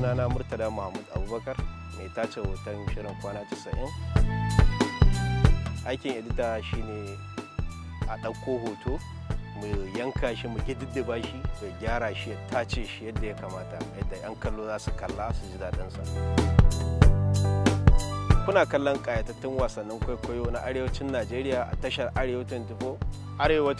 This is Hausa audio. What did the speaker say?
sunana murtala mahmud abubakar mai tace hoton shirin kwana 90 aikin edita shine a ɗauko hoto mu yanka shi mu gididdiba shi mu gyara shi ya tace shi yadda ya kamata yadda 'yan kallo za su kalla su ji daɗinsa kuna kallon ƙayatattun wasannin kwaikwayo na arewacin najeriya a tashar arewa 24 arewa